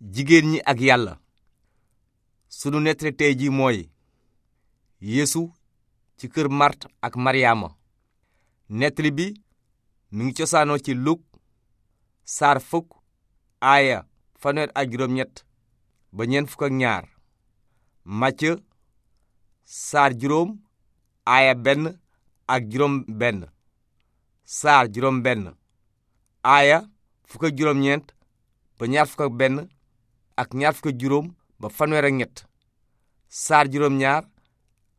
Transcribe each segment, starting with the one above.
jigéen ñi ak yàlla sunu nettali tey ji mooy yéesu ci kër màrt ak maryaama nettali bi mu ngi cosaanoo ci luk saar fukk aaya fanweer ak juróom ñett ba ñeent fukk ak juróom aaya ak juróom benn saar juróom benn aaya fukk ak juróom ñeent ba ñaar fukk ak benn ak ñaar fukk juróom ba fanweer ñett saar juróom ñaar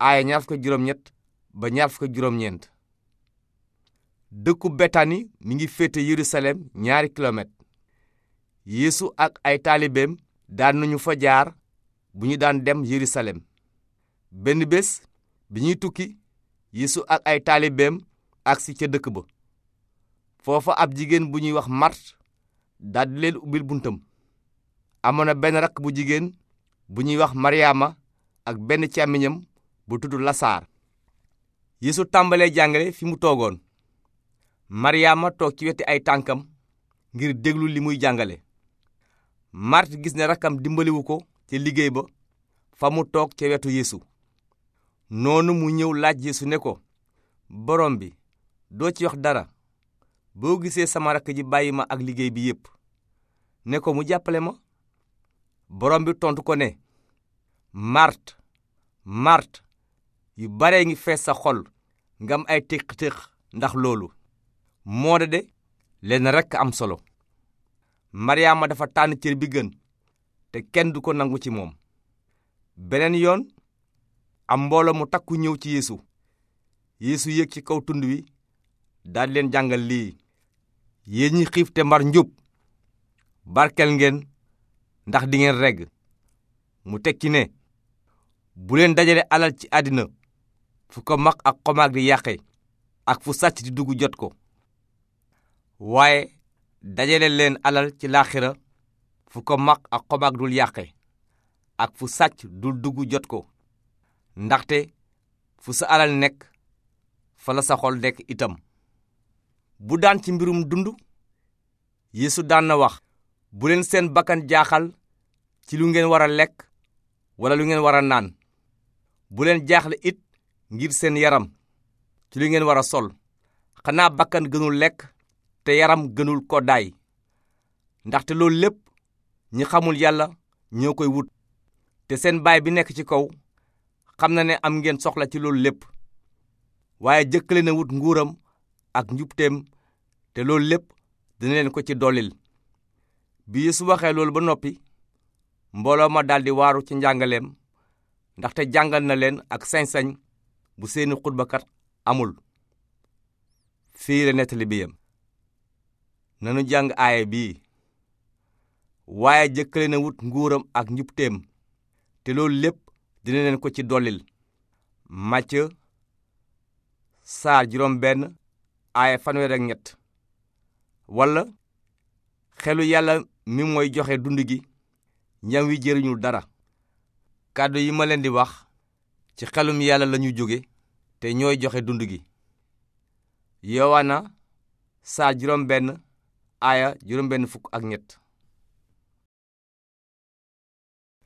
aaya ñaar fukk juróom ñett ba ñaar fukk juróom ñeent dëkku betani mi ngi féete yerusalem ñaari kilomètre yéesu ak ay taalibeem daan nañu fa jaar bu ñu daan dem yerusalem benn bés bi ñuy tukki yeesu ak ay taalibeem agsi ca dëkk ba foofa ab jigéen bu ñuy wax mart daldi leen ubbil buntam amoon na benn rakk bu jigéen bu ñuy wax maryaama ak benn càmmiñam bu tudd lasaar yéesu tàmbalee jàngale fi mu toogoon maryaama toog ci weti ay tànkam ngir déglu li muy jàngale màrt gis ne rakkam dimbaliwu ko ca liggéey ba fa mu toog ca wetu yeesu noonu mu ñëw laaj yeesu ne ko borom bi doo ci wax dara boo gisee sama rakk ji bàyyi ma ak liggéey bi yépp ne ko mu jàppale ma borom bi tontu ko ne màrt màrt yu baree ngi fees sa xol ngam ay téq-téq ndax loolu moo de de lenn rekk am solo maryaama dafa tànn cër bi gën te kenn du ko nangu ci moom beneen yoon am mbooloo mu takku ñëw ci yeesu yéesu yéeg ci kaw tund wi daal leen jàngal lii yéen ñi xiif te mar njub barkel ngeen ndax dingeen regg mu teg ci ne bu leen dajale alal ci àddina fu ko maq ak xomaag di yàqe ak fu sàcc di dugg jot ko waaye dajale leen alal ci laaxira fu ko maq ak xomaag dul yàqe ak fu sàcc dul dugg jot ko ndaxte fu sa alal nekk fala la sa xol nekk itam bu daan ci mbirum dund yéesu daan na wax bu leen seen bakkan jaaxal ci lu ngeen war a lekk wala lu ngeen war a naan bu leen jaaxle it ngir seen yaram ci lu ngeen war a sol xanaa bakkan gënul lekk te yaram gënul ko daay ndaxte loolu lépp ñi xamul yàlla ñoo koy wut te seen baay bi nekk ci kaw xam na ne am ngeen soxla ci loolu lépp waaye jëkkale na wut nguuram ak njubteem te loolu lépp dina leen ko ci dollil bi Yeesu waxee loolu ba noppi mbooloo ma daldi waaru ci njàngaleem ndaxte jàngal na leen ak sañsañ bu seeni xutbakat amul fii la nettali bi yem nanu jàng aaya bii waaye jëkkale na wut nguuram ak njubteem te loolu lépp dina leen ko ci dollil Macë saar juróom benn aaya fanweer ak ñett walla xelu yàlla mi mooy joxe dund gi ñam wi jëriñul dara kàddu yi ma leen di wax ci xelum yàlla lañu jóge te ñooy joxe dund gi yowaana saa juróom benn aaya juróom benn fukk ak ñett